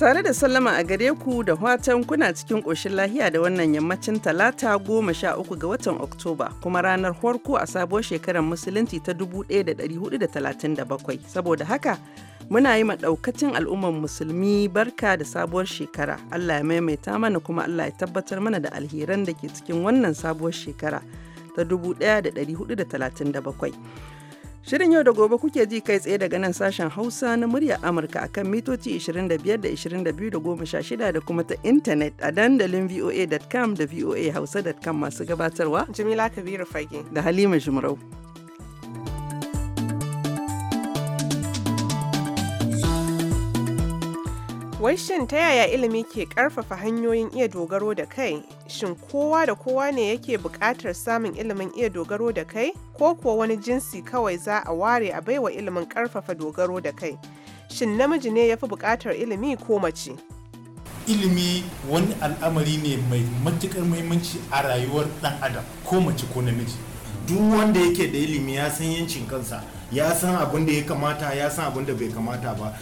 Tare da sallama a gare ku da watan kuna cikin ƙoshin lahiya da wannan yammacin talata goma sha uku ga watan Oktoba kuma ranar farko a sabuwar shekarar musulunci ta 1437. Saboda haka muna yi maɗaukacin al'ummar musulmi barka da sabuwar shekara. Allah ya maimaita mana kuma Allah ya tabbatar mana da alheran da ke cikin wannan sabuwar shekara ta 1437. Shirin yau da gobe kuke ji kai tsaye daga nan sashen Hausa na murya Amurka akan mitoci 25 da 22 da da kuma ta intanet a dandalin voa.com da voahausa.com masu gabatarwa. Jamila Kabiru Fage. Da Halima Jumrau. Wai shin ta yaya ilimi ke ƙarfafa hanyoyin iya dogaro da kai? Shin kowa da kowa ne yake buƙatar samun ilimin iya dogaro da kai? ko kuwa wani jinsi kawai za a ware a baiwa ilimin karfafa dogaro da kai shin namiji ne ya fi buƙatar ilimi ko mace ilimi wani al'amari ne mai matuƙar muhimmanci a rayuwar ɗan adam ko mace ko namiji duk wanda yake da ilimi ya san yancin kansa ya san abin da ya kamata ya san abin da bai kamata ba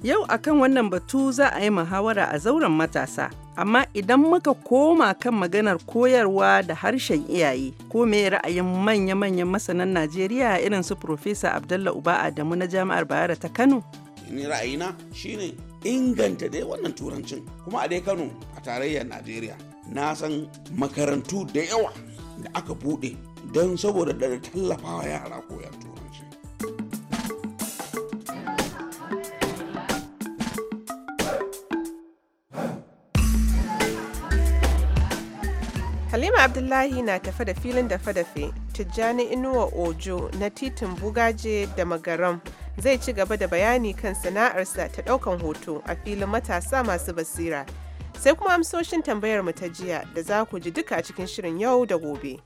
Yau akan wannan batu za a yi muhawara a zauren matasa, amma idan muka koma kan maganar koyarwa da harshen iyaye, ko me ra'ayin manya-manyan masanan Najeriya irin su Profesa Abdullahi Uba Adamu na Jami'ar Bayero ta Kano? Ni ra'ayina shine inganta dai wannan turancin kuma a dai Kano a tarayyar Najeriya. Na san makarantu da yawa da aka buɗe don saboda da tallafawa yara koyar turanci. Abdullahi na tafe da filin dafe-dafe Tijjani Inuwa Ojo na titin Bugaje da Magaram zai ci gaba da bayani kan sana'arsa ta ɗaukan hoto a filin matasa masu basira. Sai kuma amsoshin tambayar mu ta jiya da za ku ji duka cikin shirin yau da gobe.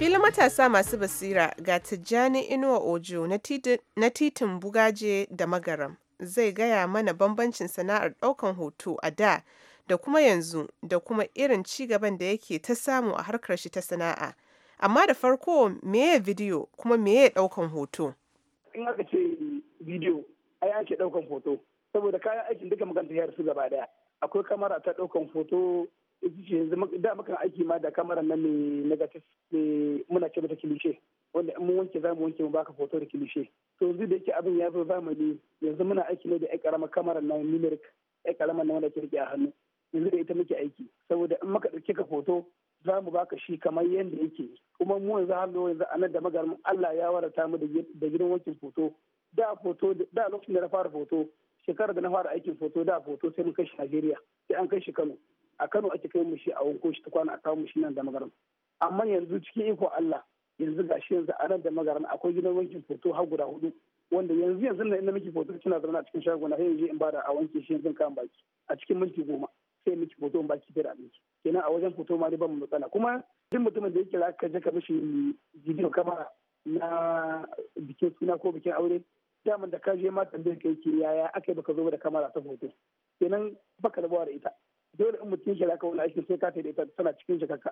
filin matasa masu basira ga Tijjani Inuwa Ojo na titin Bugaje da Magaram zai gaya mana bambancin sana'ar daukan hoto a da da kuma yanzu da kuma irin ci gaban da yake ta samu a harkar shi ta sana'a. Amma da farko meye video kuma meye daukan hoto? In aka ce bidiyo ai ake daukan hoto saboda kayan aikin duka maganta su gaba daya. Akwai kamara ta ɗaukan hoto da mukan aiki ma da kamarar nan mai ne muna ce mata kilishe wanda mun wanke za mu wanke mu baka foto da kilishe to yanzu da yake abin ya zo zamani yanzu muna aiki ne da ya karama kamarar nan numeric ya karama nan wanda ke rike a hannu yanzu da ita muke aiki saboda in muka dauke ka foto za mu baka shi kamar yadda yake kuma mu yanzu har yanzu a nan da magarin Allah ya warata mu da gidan wankin foto da foto da lokacin da na fara foto shekarar da na fara aikin foto da foto sai mun kai shi Najeriya sai an kai shi Kano a Kano ake kai mu shi a wanko shi ta kwana a kawo mushi shi nan da magaran amma yanzu cikin iko Allah yanzu ga shi yanzu a nan da magaran akwai gidan wankin foto har guda hudu wanda yanzu yanzu na inda muke foto kina zama a cikin shagona sai yanzu in bada a wanke shi yanzu kan baki a cikin minti goma sai miki foto in baki da abinci kenan a wajen foto ma dai ban matsala kuma duk mutumin da ya za ka je ka mishi bidiyo kamara na bikin suna ko bikin aure daman da ka je ma tambayar kai yaya aka yi baka zo da kamara ta foto kenan baka bawa da ita dole in mutum shi ka wani aiki sai ka ta ita tana cikin jakarka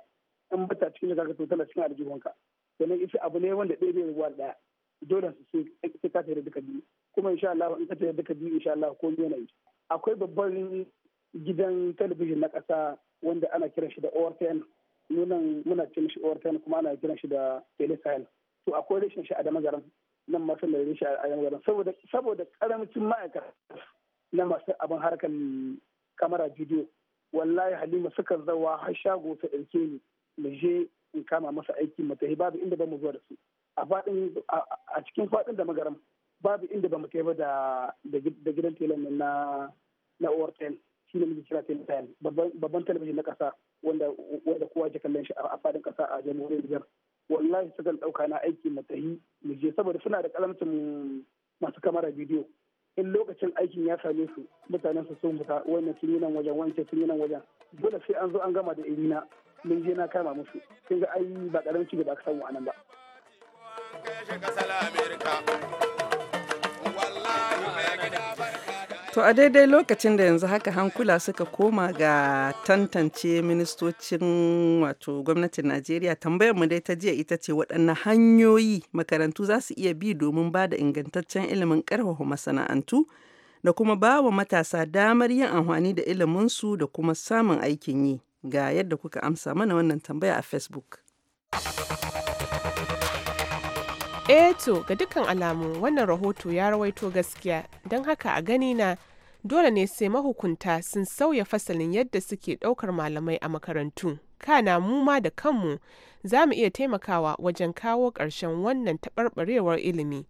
in ba ta cikin jakarka to tana cikin aljihunka sannan ita abu ne wanda ɗaya bai rubuwa ɗaya dole su sai ka ta da duka biyu kuma insha Allah in ka ta da duka biyu insha Allah ko yanayi akwai babban gidan talabijin na ƙasa wanda ana kiran shi da ORTN nunan muna cin shi ORTN kuma ana kiran shi da Telesahel to akwai rashin shi a da magaran nan masu da rashin a da magaran saboda saboda karamcin ma'aikata na masu abin harkar kamara bidiyo wallahi halima sukan zawa har shago ta ɗauke ni mu je in kama masa aiki mu tafi babu inda ba mu zuwa da su a faɗin a cikin faɗin da magaram babu inda bamu mu kai ba da da gidan telan na na shi ne muke kira telan babban talabijin na ƙasa wanda wanda kowa ke kallon shi a faɗin ƙasa a jamhuriyar Nijar wallahi sukan ɗauka na aiki mu tafi mu je saboda suna da kalamcin masu kamara bidiyo in lokacin aikin ya same su mutanen su sun fita wannan sun yi nan wajen wancan sun yi nan wajen dole sai an zo an gama da iri na mun je na kama musu kin ga ai ba karamci da gaba aka samu anan ba. To a daidai lokacin da yanzu haka hankula suka koma ga tantance ministocin wato gwamnatin Najeriya tambayar mu dai ta jiya ita ce waɗanne hanyoyi makarantu za su iya bi domin ba da ingantaccen ilimin ƙarfafa masana'antu da kuma ba wa matasa damar yin amfani da iliminsu da kuma samun aikin yi ga yadda kuka amsa mana wannan tambaya a Facebook. eto eh ga dukkan alamu wannan rahoto ya rawaito gaskiya don haka a gani na dole ne sai mahukunta sun sauya fasalin yadda suke ɗaukar malamai a makarantu. Kana mu ma da kanmu za mu iya taimakawa wajen kawo ƙarshen wannan taɓarɓarewar ilimi.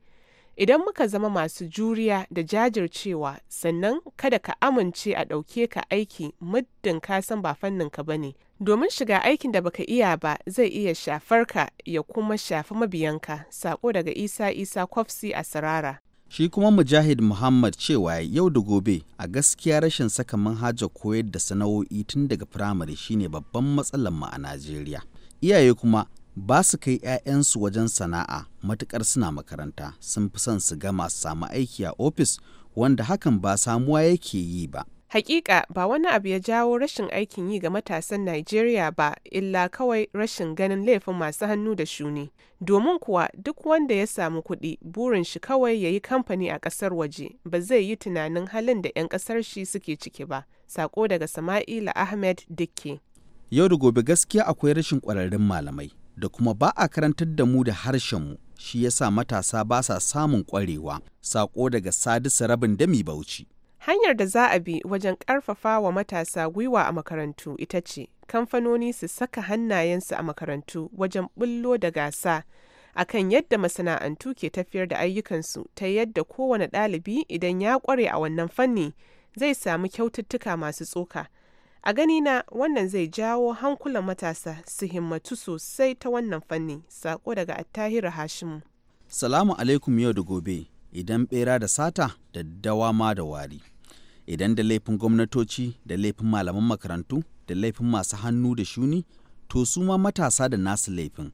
Idan muka zama masu juriya da jajircewa sannan kada ka amince a ɗauke ka aiki muddin ka san ba fanninka ba ne. Domin shiga aikin da baka iya ba zai iya shafar ka ya kuma shafi mabiyanka, sako daga Isa Isa Kwafsi a Sarara. Shi kuma Mujahid Muhammad cewa yau da gobe a gaskiya rashin saka manhaja koyar da sana'o'i tun daga firamare shine babban matsalar mu a Najeriya. Iyaye kuma ba su kai 'ya'yansu wajen sana'a matukar suna makaranta sun fi son su gama su samu aiki a ofis wanda hakan ba samuwa yake yi ba. Hakika ba wani abu ya jawo rashin aikin yi ga matasan Najeriya ba illa kawai rashin ganin laifin masu hannu da shuni. Domin kuwa duk wanda ya samu kuɗi burin shi kawai ya yi kamfani a ƙasar waje ba zai yi tunanin halin da 'yan ƙasar shi suke ciki ba. Sako daga Sama'ila Ahmed Dikke. Yau da gobe gaskiya akwai rashin ƙwararrun malamai da kuma ba a karantar da mu da harshenmu shi yasa matasa ba sa samun ƙwarewa. Sako daga Sadisu Rabin Dami Bauchi. Hanyar da za a bi wajen ƙarfafa wa matasa gwiwa a makarantu ita ce kamfanoni su saka hannayensu a makarantu wajen bullo da gasa a kan yadda masana'antu ke tafiyar da ayyukansu ta yadda kowane ɗalibi idan ya ƙware a wannan fanni zai samu kyaututtuka masu tsoka. A ganina wannan zai jawo hankulan matasa su himmatu sosai ta wannan fanni, sako daga attahiru Hashimu. Salamu alaikum yau da gobe, idan bera da sata, da dawa ma da wari. idan da laifin gwamnatoci da laifin malaman makarantu da laifin masu hannu da shuni to su ma matasa da nasu laifin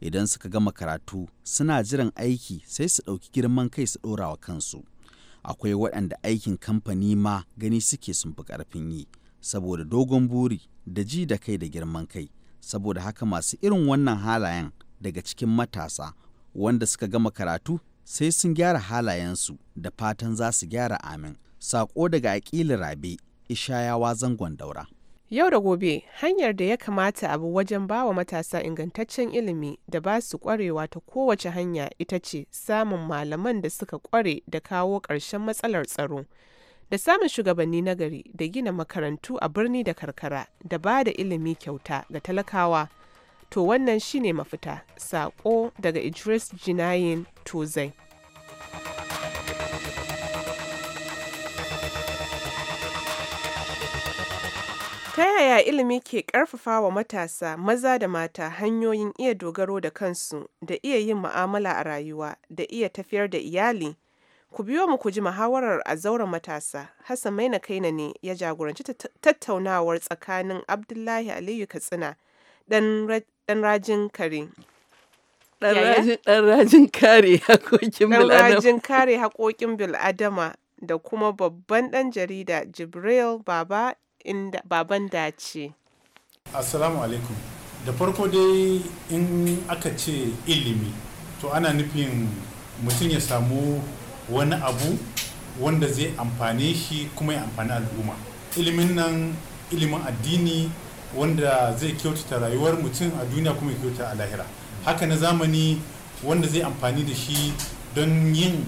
idan suka gama karatu suna jiran aiki sai su ɗauki girman kai su ɗora wa kansu akwai waɗanda aikin kamfani ma gani suke sun fi ƙarfin yi saboda dogon buri da ji da kai da girman kai saboda haka masu irin wannan halayen daga cikin matasa wanda suka gama karatu sai sun gyara halayensu da fatan za su gyara amin sako daga aƙili rabe, Ishayawa zangon daura. Yau da gobe hanyar da ya kamata abu wajen bawa matasa ingantaccen ilimi da ba su kwarewa ta kowace hanya ita ce samun malaman da suka kware da kawo ƙarshen matsalar tsaro. Da samun shugabanni nagari da gina makarantu a birni da karkara da ba da ilimi kyauta ga talakawa. To wannan shine mafita, saƙo daga Idris Jinayin Tozai. Ta yaya ilimi ke wa matasa maza da mata hanyoyin iya dogaro da kansu da iya yin mu'amala a rayuwa da iya tafiyar da iyali? Ku biyo mu ku ji muhawarar a zauren matasa. Hassan Maina Kaina ne ya jagoranci tattaunawar tsakanin Abdullahi Aliyu Katsina ɗan rajin kare. Ɗan rajin kare haƙoƙin bil'adama. Ɗan rajin kare haƙoƙin bil'adama da kuma babban ɗan jarida Jibril Baba inda baban dace. Assalamu alaikum. Da farko dai in aka ce ilimi to ana nufin mutum ya samu wani abu wanda zai amfane shi kuma ya amfani al'umma. Ilimin nan ilimin addini wanda zai kyautata rayuwar mutum a duniya kuma ya kyautata a lahira. Haka na zamani wanda zai amfani da shi don yin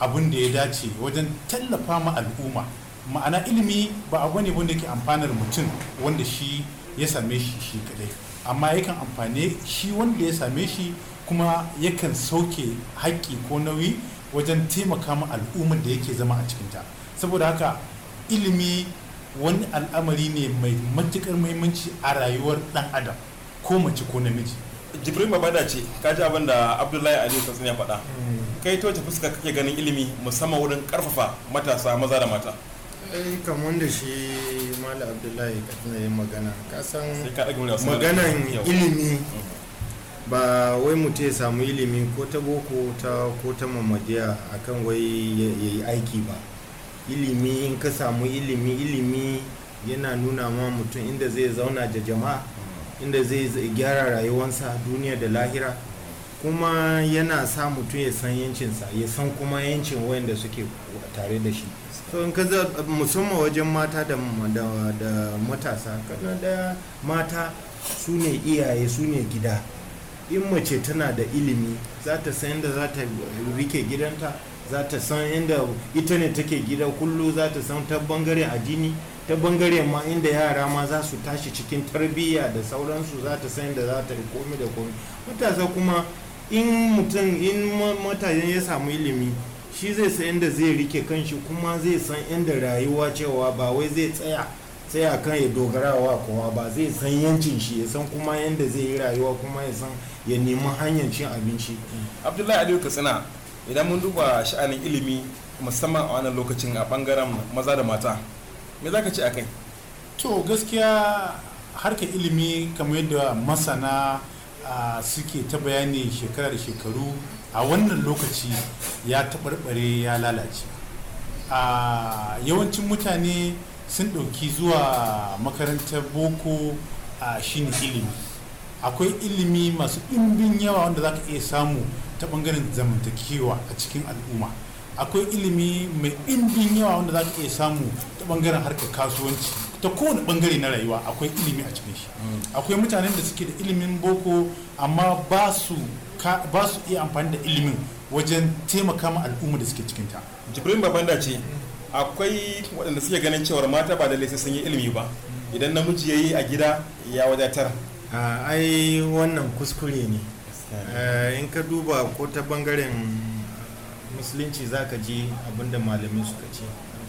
abin da ya dace wajen tallafa ma al'umma. ma'ana ilimi ba abu ne wanda ke amfanar mutum wanda shi ya same shi shi kadai amma yakan amfane shi wanda ya same shi kuma yakan sauke haƙƙi ko nauyi wajen taimaka ma al'ummar da yake zama a cikin ta saboda haka ilimi wani al'amari ne mai matuƙar muhimmanci a rayuwar ɗan adam ko mace ko namiji jibrin babada ce ka ji abin da abdullahi aliyu sassan ya faɗa hmm. kai ta wace fuska kake ganin ilimi musamman wurin karfafa matasa maza da mata Eh, ai da shi mala abdullahi katina magana kasan maganan ilimi mm. ba wai mutu ya samu ilimi ko ta boko ta ko ta akan wai ya yi aiki ba ilimi in ka samu ilimi ilimi yana nuna ma mutum inda zai zauna da jama'a mm. inda zai gyara rayuwansa duniya da lahira kuma yana sa mutum ya san sa ya san kuma yancin wayanda suke tare da shi so in ka musamman wajen mata da matasa kana da mata su ne iyaye su ne gida in mace tana da ilimi za ta san yadda za ta rike gidanta za ta san inda ita ne take gida kullu za ta san ta bangare addini ta bangare ma inda yara ma za su tashi cikin tarbiyya da sauransu za ta san yadda za ta komi da komi matasa kuma in mutum in matayen ya samu ilimi shi zai san inda zai rike kanshi kuma zai san inda rayuwa cewa ba wai zai tsaya sai a kan ya dogara wa kowa ba zai san yancin shi ya san kuma yadda zai yi rayuwa kuma ya san ya nemi hanyar cin abinci abdullahi aliyu katsina idan mun duba sha'anin ilimi musamman a wannan lokacin a bangaren maza da mata me za ka ce a kai to gaskiya harkar ilimi kamar yadda masana suke ta bayani shekara da shekaru a wannan lokaci ya taɓarɓare ya lalace a yawancin mutane sun ɗauki zuwa makarantar boko a shine ilimi akwai ilimi masu ɗimbin yawa wanda za ka iya samu ta ɓangaren zamantakewa a cikin al'umma akwai ilimi mai ɗimbin yawa wanda za ka iya samu ta ɓangaren harkar kasuwanci ta kowane bangare na rayuwa akwai ilimi a cikin shi akwai mutanen da suke da ilimin boko amma ba su iya amfani da ilimin wajen taimaka ma al'umma da suke cikin ta jibrin babanda ce akwai waɗanda suke ganin cewar mata ba da laifin sun ilimi ba idan namiji ya yi a gida ya wadatar ai wannan kuskure ne eh, in ka duba ko ta bangaren eh, musulunci za ka ji abinda malamai suka ce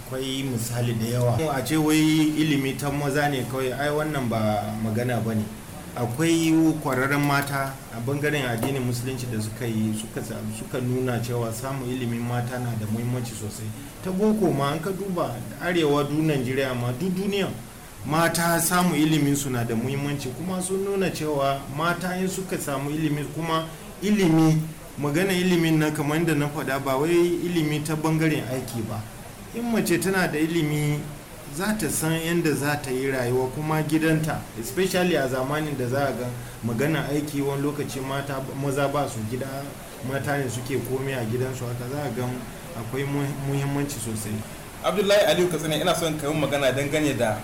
akwai misali da yawa a ce wai ilimi ta maza ne kawai ai wannan ba magana ba ne akwai kwararren mata a bangaren addinin musulunci da suka yi suka nuna cewa samun ilimin mata na da muhimmanci sosai ta boko ma an ka duba arewa du najeriya ma duk duniya mata samun ilimin su na da muhimmanci kuma sun nuna cewa mata in suka samu ilimi kuma ilimi magana ilimin na kamar da na faɗa ba wai ilimi ta bangaren aiki ba in mace tana da ilimi za ta san yadda za ta yi rayuwa kuma gidanta especially a zamanin da za a ga magana aiki wani lokaci mata maza ba su gida mata ne suke komai a gidansu haka za a ga akwai muhimmanci sosai abdullahi aliyu katsina ina son ka yi magana gane da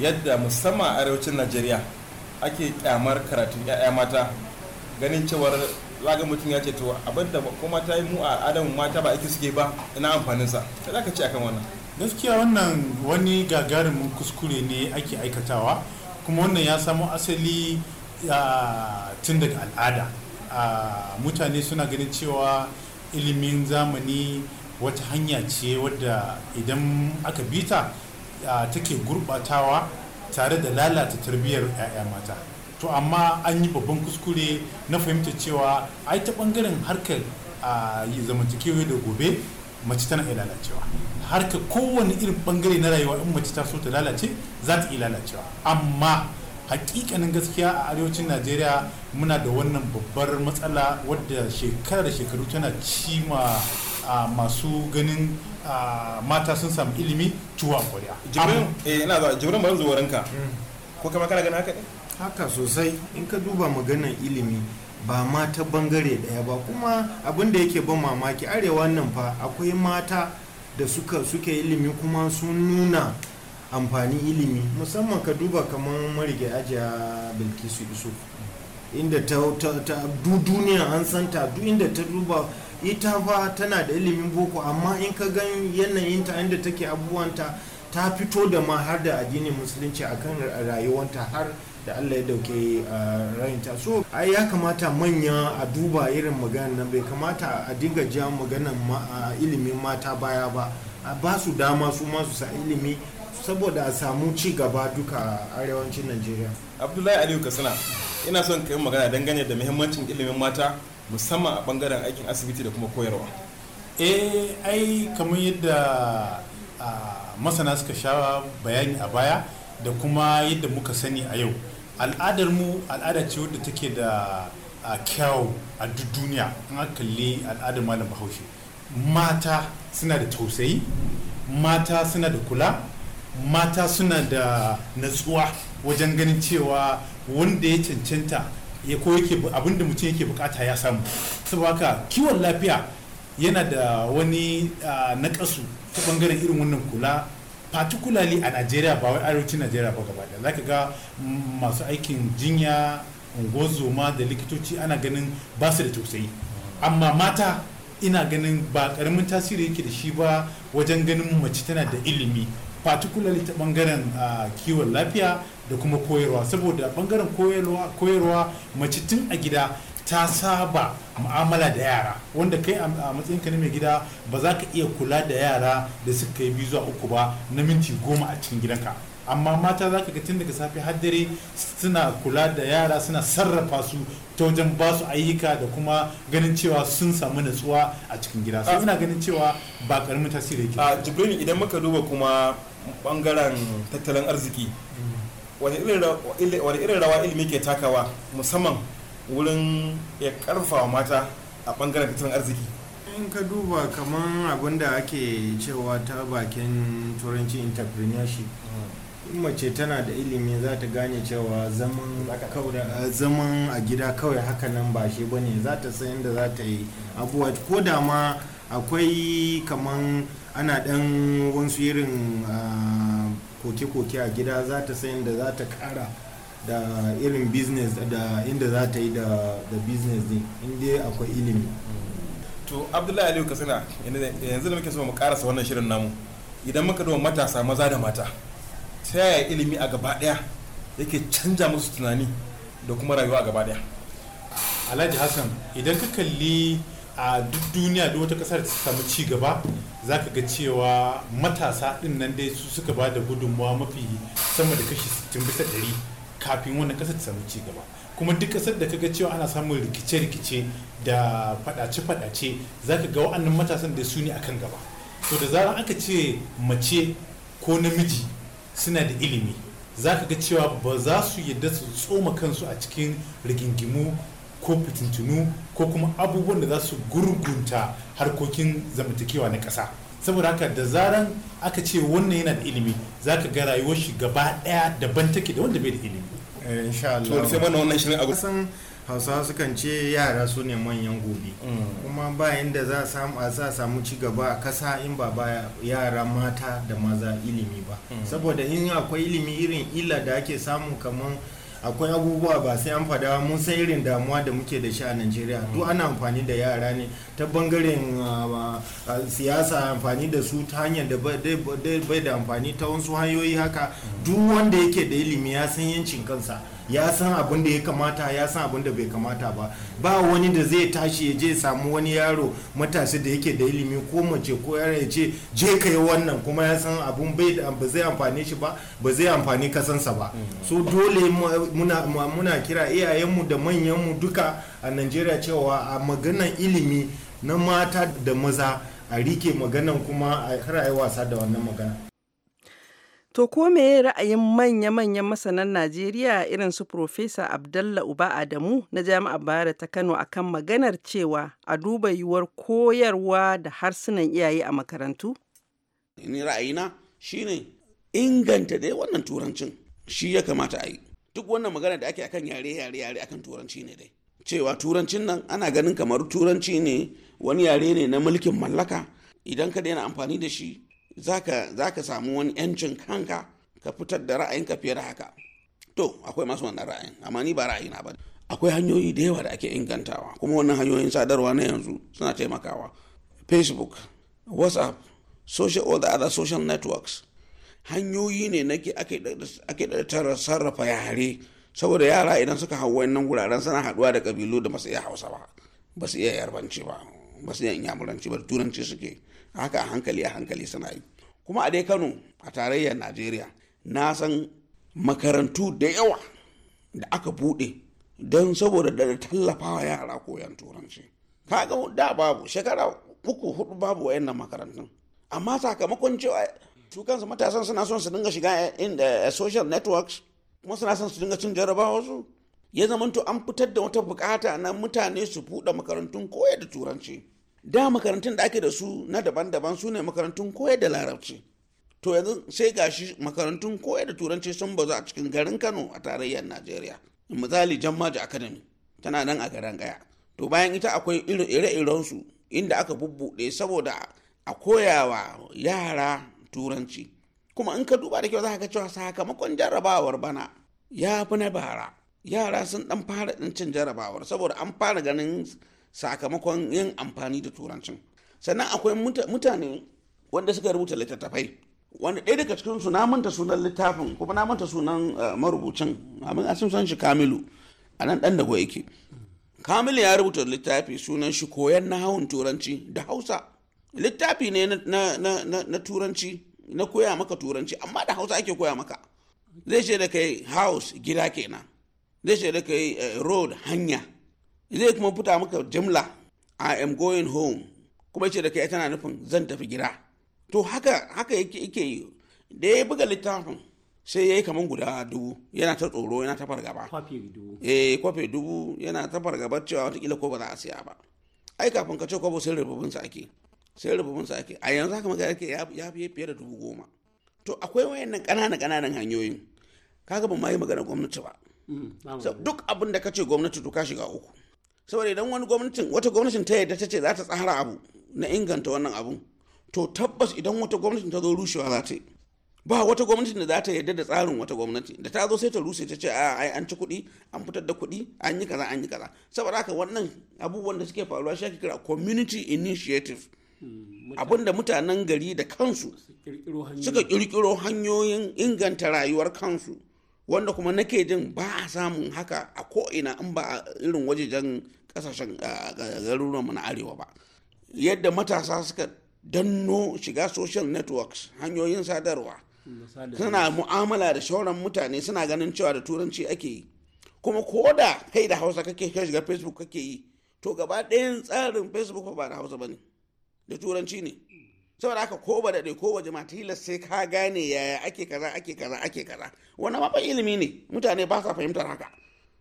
yadda musamman a arewacin najeriya ake kyamar karatun 'ya'ya mata ganin cewar za ga mutum ya ce to abin da kuma ta yi mu a adamu mata ba ake suke ba ina amfanin sa ka za ka ce akan wannan gaskiya wannan wani gagarumin kuskure ne ake aikatawa kuma wannan ya samo asali tun daga al'ada mutane suna ganin cewa ilimin zamani wata hanya ce wadda idan aka bita take gurbatawa tare da lalata tarbiyyar 'ya'ya mata to amma an yi babban kuskure na fahimta cewa ai ta bangaren harkar a zamantakewa da gobe mace tana iya lalacewa harka kowane irin bangare na rayuwa in mace ta so ta lalace za ta iya lalacewa amma hakikanin gaskiya a arewacin najeriya muna da wannan babbar matsala wadda shekara da shekaru tana ma masu ganin mata sun samu ilimi tuwa kwariya. jibirin eh, ina zuwa jibrin bari zuwa ranka mm. ko kama kana ganin haka ne haka sosai in ka duba maganan ilimi ba mata ta bangare daya ba kuma abin da yake ban mamaki arewa nan fa akwai mata da suka suke ilimi kuma sun nuna amfani ilimi musamman ka duba kamar marige ajiya bilkisu iso inda ta, du duniya an santa duk inda ta duba ita fa tana da ilimin boko amma in ka gan ta inda take abubuwanta ta fito da ma har da addinin musulunci akan rayuwanta har da allah ya dauke rayinta so ai ya kamata manya a duba irin magana nan bai kamata a dinga ja maganan ilimin mata baya ba a ba su dama su masu sa ilimi saboda a samu ci gaba duka arewacin najeriya abdullahi aliyu kasana ina son kai yi magana dangane da muhimmancin ilimin mata musamman a bangaren aikin asibiti da kuma koyarwa eh ai kamar yadda masana suka sha bayani a baya da kuma yadda muka sani a yau al'adar mu al'ada ce wadda take da kyau a duk duniya an aka kalli al'adar malam bahaushe mata suna da tausayi mata suna da kula mata suna da natsuwa wajen ganin cewa wanda ya cancanta ya ko yake abinda mutum yake bukata ya samu saboda haka kiwon lafiya yana da wani nakasu ta bangaren irin wannan kula particularly a Najeriya ba wai arewacin Najeriya ba gaba da zaka ga masu aikin jinya ungozoma da likitoci ana ganin ba su da tausayi amma mata ina ganin ba karamin tasiri yake da shi ba wajen ganin mace tana da ilimi particularly ta bangaren kiwon lafiya da kuma koyarwa saboda bangaren koyarwa mace tun a gida ta saba mu'amala da yara wanda kai a matsayin ka na mai gida ba za ka iya kula da yara da suka yi biyu zuwa uku ba na minti goma a cikin gidanka amma mata za ka ga tun daga safe har dare suna kula da yara suna sarrafa su ta wajen ba su ayyuka da kuma ganin cewa sun samu natsuwa a cikin gida so ina ganin cewa ba karamin tasiri yake a jibrin idan muka duba kuma bangaren tattalin arziki mm. wani irin rawa ilimi ke takawa musamman wurin ya karfafa mata a bangaren tattalin arziki in ka duba kamar abin da ake cewa ta bakin turanci entrepreneurship in mace tana da ilimi za ta gane cewa zaman a gida kawai haka nan ba shi bane za ta san yadda za ta yi abuwa ko da ma akwai kamar ana dan wasu irin ah, koke-koke a gida za ta san yadda za ta kara da irin business da inda za ta yi da business din inda akwai ilimi to abdullahi aliyu katsina yanzu da muke so mu karasa wannan shirin namu idan muka duba matasa maza da mata ta yaya ilimi a gaba daya yake canja musu tunani da kuma rayuwa a gaba daya alhaji hassan idan ka kalli a duk duniya da wata kasar ta samu ci gaba za ka ga cewa matasa din nan dai su suka ba da gudunmawa mafi sama da kashi 60 bisa 100 kafin wannan kasar ta samu ci gaba kuma duk kasar da kaga cewa ana samun rikice-rikice da fadace-fadace za ka ga wa'annan matasan da su ne akan gaba to da zarar aka ce mace ko namiji suna da ilimi za ka ga cewa ba za su yadda su tsoma kansu a cikin rigingimu ko fitintunu ko kuma abubuwan da za su gurgunta harkokin zamantakewa na kasa saboda haka da zaran aka ce wannan yana da ilimi za ka ga rayuwar shi gaba ɗaya daban take da wanda bai da ilimi Eh, insha Allah sai wannan shirin a san hausawa sukan ce yara su ne manyan gobe mm. kuma ba da za a sa samu ci gaba a kasa in ba ba yara mata da maza ilimi ba mm. saboda in akwai ilimi irin ila da ake samu kamar akwai abubuwa ba sai an fada mun san irin damuwa da muke da shi a najeriya duk ana amfani da yara ne ta bangaren ah, ah, siyasa amfani da su ta hanyar da bai da amfani ta wasu hanyoyi haka duk wanda yake da ilimi ya san yancin kansa ya san abin da ya kamata ya san abin da bai kamata ba ba wani da zai tashi ya je samu wani yaro matashi da yake da ilimi ko mace ko yaro ya ce je ka yi wannan kuma ya san abin bai ba zai amfani shi ba ba zai amfani kasansa ba so dole muna kira iyayenmu da manyanmu duka a Najeriya cewa a maganan ilimi na mata da maza a rike maganan kuma a rayuwa wasa da wannan magana To ko me ra'ayin manya-manyan masanan Najeriya irin su Profesa Abdalla Uba Adamu na Jami'ar Bayero ta Kano akan maganar cewa a duba yiwuwar koyarwa da harsunan iyaye a makarantu? Ni ra'ayina shine inganta dai wannan turancin shi ya kamata a yi. Duk wannan magana da ake akan yare yare yare akan turanci ne dai. Cewa turancin nan ana ganin kamar turanci ne wani yare ne na mulkin mallaka idan ka daina amfani da shi za ka samu wani yancin kanka ka fitar da ra'ayinka fiye da haka to akwai masu wannan ra'ayin amma ni ba ra'ayina ba akwai hanyoyi da yawa da ake ingantawa kuma wannan hanyoyin sadarwa na yanzu suna taimakawa facebook whatsapp social all the other social networks hanyoyi ne na ke ake da sarrafa yare saboda yara idan suka hau wannan guraren suna haduwa da kabilu da masu iya hausa ba ba su iya yarbanci ba ba su iya inyamuranci ba turanci suke haka a hankali a hankali suna yi kuma a dai kano a tarayyar najeriya na san makarantu da yawa da aka buɗe don saboda da tallafawa yara koyan turanci kaga da babu shekara uku hudu babu wayannan makarantun amma sakamakon cewa su kansu matasan suna son su dinga shiga inda social networks kuma suna son su dinga cin jarabawa su ya zamanto an fitar da wata bukata na mutane su buɗe makarantun koyar da turanci da makarantun da ake da su na daban-daban su ne makarantun koyar da larabci to yanzu sai gashi makarantun koyar da turanci sun bazu a cikin garin kano a tarayyar najeriya misali jammaji academy tana nan a garin gaya to bayan ita akwai ire iren su inda aka bubbuɗe saboda a koyawa yara turanci kuma in ka duba da kyau za ka cewa sakamakon jarrabawar bana ya fi na bara yara sun dan fara cin jarrabawar saboda an fara ganin sakamakon yin amfani da turancin sannan akwai mutane wanda suka rubuta littattafai wanda ɗaya daga cikinsu na manta sunan littafin kuma na manta sunan eh, marubucin abin asin san shi kamilu a nan ɗan dago yake kamilu ya rubuta littafi sunan shi koyan na hawan turanci da hausa littafi ne na turanci na koya maka turanci amma da hausa ake koya maka zai ce da kai house gida kenan zai ce kai eh, road hanya zai kuma fita maka jimla i am going home kuma ce da kai tana nufin zan tafi gida to haka haka yake yake yi da ya buga littafin sai ya yi kamar guda dubu yana ta tsoro yana ta fargaba eh kwafe dubu yana ta fargaba cewa watakila ko ba za a siya ba ai kafin ka ce kwabo sai rububin sa ake sai rububin sa ake a yanzu haka magana yake ya fiye fiye da dubu goma to akwai wayannan ƙananan ƙananan hanyoyin kaga ban ma yi magana gwamnati ba mm, duk abin da ka ce gwamnati to ka shiga uku saboda idan wani gwamnatin wata gwamnatin ta yadda ta ce za ta tsara abu na inganta wannan abun to tabbas idan wata gwamnatin ta zo rushewa za ta yi ba wata gwamnatin da za ta yadda da tsarin wata gwamnati da ta zo sai ta rushe ta ce a ai an ci kuɗi an fitar da kuɗi an yi kaza an yi kaza saboda haka wannan abubuwan da suke faruwa shi ake kira community initiative hmm, abinda mutanen gari da kansu suka kirkiro hanyoyin inganta rayuwar kansu wanda kuma nake jin ba a samun haka a ko'ina in ba a irin wajejen kasashen garuruwanmu na arewa ba yadda matasa suka danno shiga social networks hanyoyin sadarwa suna mu'amala da shauran mutane suna ganin cewa da turanci ake yi kuma ko da kai da hausa kake shiga facebook kake yi to gaba ɗayan tsarin facebook ba da hausa ba ne da turanci ne saboda haka ko ba daɗe ko waje ma tilas sai ka gane yaya ake kaza ake kaza ake kaza wannan ma ilimi ne mutane ba sa fahimtar haka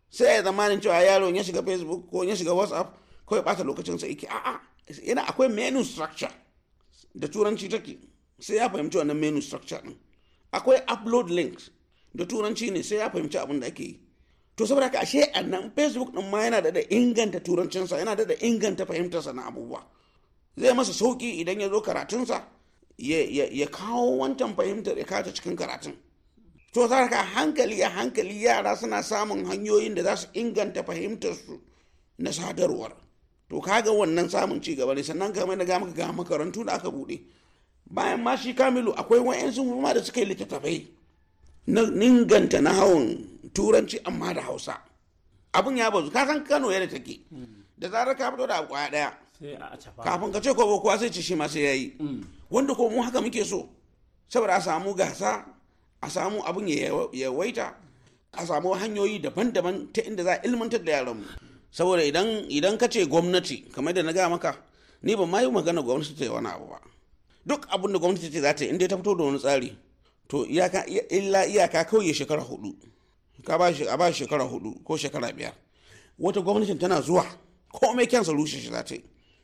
sai ya zamanin cewa yaro ya shiga facebook ko ya shiga whatsapp ko ya ɓata lokacinsa yake a'a yana akwai menu structure da turanci take sai ya fahimci wannan menu structure din akwai upload links da turanci ne sai ya fahimci abin da ake yi to saboda haka ashe annan facebook din ma yana da inganta turancinsa yana da inganta fahimtarsa na abubuwa zai masa sauki idan ya zo karatunsa ya kawo wancan fahimtar ya kata cikin karatun to za ka hankali a hankali yara suna samun hanyoyin da za su inganta fahimtarsu na sadarwar to kaga wannan samun ci gaba ne sannan kamar da gama ga makarantu da aka bude bayan ma shi kamilu akwai wa'yansu kuma da suka yi littattafai na inganta na hawan turanci amma da hausa abin ya bazu kasan kano yadda take da zarar ka fito da abu kwaya daya kafin ka ce ko kowa sai ci shi ma sai yayi mm. wanda ko mu haka muke so saboda a samu gasa a samu abin ya waita a samu hanyoyi daban-daban ta inda za a ilmantar da mu. saboda idan idan ka ce gwamnati kamar da na ga maka ni ba ma yi magana gwamnati ta yi wani abu ba duk abin da gwamnati ce za ta yi inda ta fito da wani tsari to iyaka illa iyaka kawai shekara hudu ka ba shi a ba shekara hudu ko shekara biyar wata gwamnatin tana zuwa komai sa rushe shi za ta yi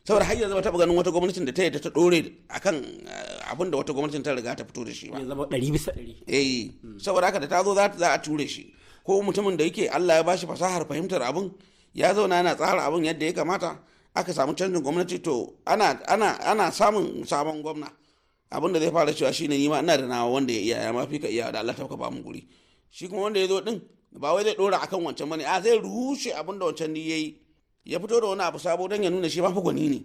saboda har yanzu ba taɓa ganin wata gwamnatin da ta yi ta dore akan eh, abin da wata gwamnatin ta riga ta fito da shi ba. zama ɗari bisa ɗari. Eh saboda haka da ta zo za a ture shi ko mutumin da yake Allah ya bashi fasahar fahimtar abin ya zauna yana tsara abin yadda ya kamata aka samu canjin gwamnati to ana samun sabon gwamna abin da zai fara cewa shine ni ma ina da nawa wanda ya iya ya ma fi ka iya da Allah ta ba mu guri shi kuma wanda ya zo din ba wai zai dora akan wancan bane a zai rushe abin da wancan ni ya yi. ya fito da wani abu sabo don ya nuna shi mafi gwani ne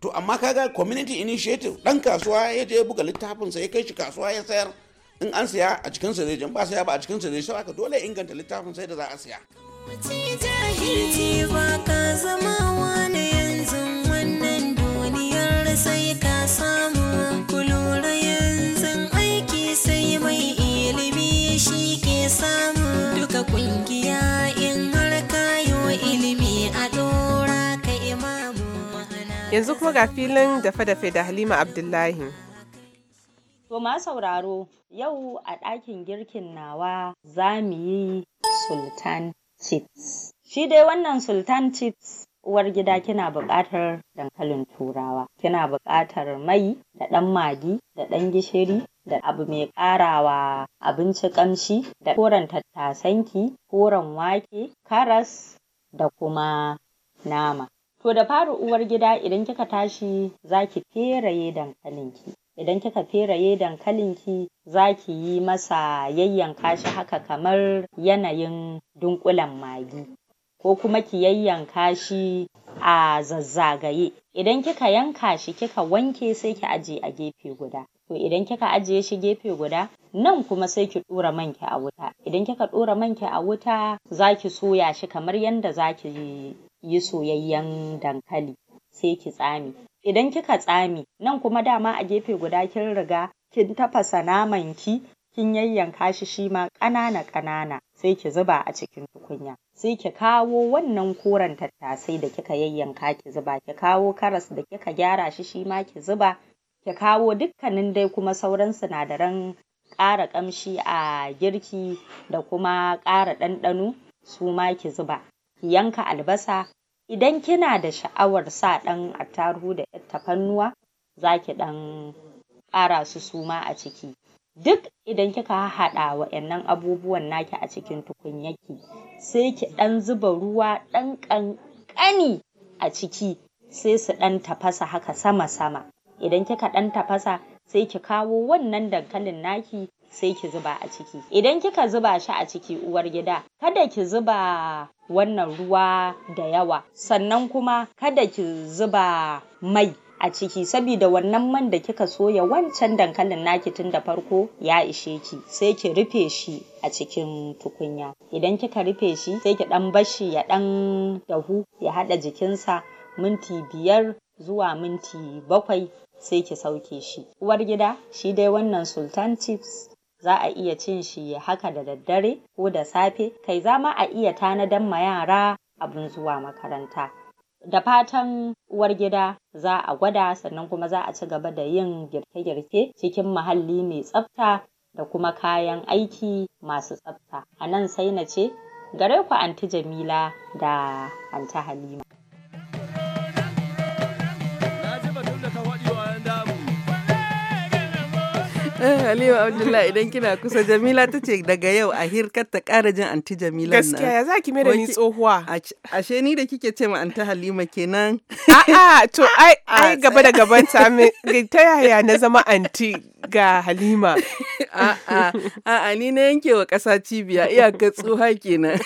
to amma ka ga community initiative dan kasuwa ya je buga littafin sa ya kai shi kasuwa ya sayar in an siya a cikin sa zai jan ba saya ba a cikin sa zai saka dole inganta littafin sai da za a siya zama yanzu wannan duniyar sai ka samu yanzu kuma ga filin dafe-dafe da Halima Abdullahi. To ma sauraro yau a ɗakin girkin nawa za mu yi Sultan Chips. Shi dai wannan Sultan Chips uwar gida kina buƙatar dankalin turawa, kina buƙatar mai da ɗan magi da ɗan gishiri da abu mai ƙarawa abinci ƙamshi da koren tattasanki, koren wake, karas da kuma nama. To da fari uwar gida idan kika tashi za ki feraye ki. Idan kika feraye dankalinki za ki yi masa yayyanka shi haka kamar yanayin dunƙulen magi ko kuma ki yayyanka shi a zazzagaye. Idan kika yanka shi kika wanke sai ki ajiye a gefe guda. To idan kika ajiye shi gefe guda nan kuma sai ki ɗora manki a wuta. Idan kika ɗora manki a wuta za ki soya shi kamar yadda za ki yi soyayyen dankali sai ki tsami. idan kika tsami, nan kuma dama a gefe guda kin riga kin tafasa naman ki kin yayyanka shi shi ma ƙanana ƙanana sai ki zuba a cikin tukunya sai ki kawo wannan koren tattasai da kika yayyanka ki zuba ki kawo karas da kika gyara shi shi ma ki zuba ki kawo dukkanin dai kuma sauran sinadaran ƙara ƙamshi a girki da kuma ƙara ɗanɗano su ma ki zuba ki yanka albasa idan kina da sha'awar sa ɗan attarugu da ƴar tafarnuwa za ki ɗan ƙara su suma a ciki duk idan kika haɗa wa'innan abubuwan naki a cikin tukunyarki sai ki ɗan zuba ruwa ɗan ƙanƙani a ciki sai su ɗan tafasa haka sama sama idan kika ɗan tafasa sai ki kawo wannan dankalin naki sai ki zuba a ciki idan kika zuba shi a ciki uwar gida kada ki zuba wannan ruwa da yawa sannan kuma kada ki zuba mai a ciki saboda wannan man da kika soya wancan dankalin naki tun da farko ya ishe ki sai ki rufe shi a cikin tukunya idan kika rufe shi sai ki dan bashi ya dan dahu ya hada jikinsa minti biyar zuwa minti bakwai sai ki sauke shi uwar gida shi dai wannan sultan chips za a iya cin shi haka da daddare ko da safe kai za ma a iya tanadan ma yara abin zuwa makaranta da fatan uwar gida za a gwada sannan kuma za a ci gaba da yin girke-girke cikin muhalli mai tsafta da kuma kayan aiki masu tsafta a nan sai na ce gare ku anti jamila da anti halima Halima eh, Abdullahi idan kina kusa Jamila ta ce daga yau a hirkar ta ƙara jin anti Jamila nan. Gaskiya za ki mai da ni tsohuwa. Ashe ni da kike ce ma anti Halima kenan. A'a to ai ah, gaba da gaban ta ta yaya na zama anti ga halima a'a a'a ni na yanke wa ƙasa cibiya iyaka tsoha kenan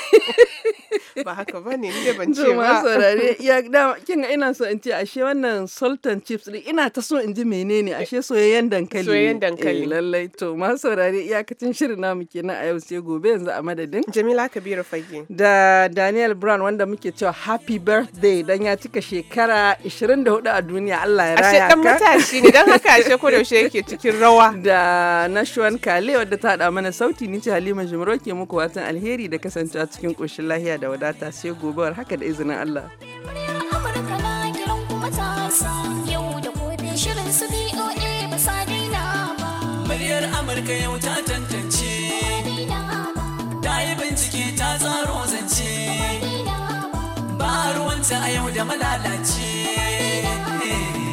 ba haka ba ne ne ban ce ba saurare ya dama kin ina so in ce ashe wannan sultan chips din ina ta so in ji menene ashe soyayyen dankali soyayyen dankali eh, lallai to ma saurare iyakacin shirin namu kenan a yau sai gobe yanzu a madadin Jamila Kabiru Fage da Daniel Brown wanda muke cewa happy birthday dan ya cika shekara 24 a duniya Allah ya raya ka ashe dan matashi ne dan haka ashe ko yaushe yake cikin rawa da Nashwan Kale wadda ta haɗa mana sauti ni ce Halima Jumro ke muku watan alheri da kasancewa cikin ƙoshin lahiya da wadata sai gobe haka da izinin Allah. Muryar Amurka yau ta tantance, ta yi bincike ta tsaro zance, ba ruwanta a yau da malalace.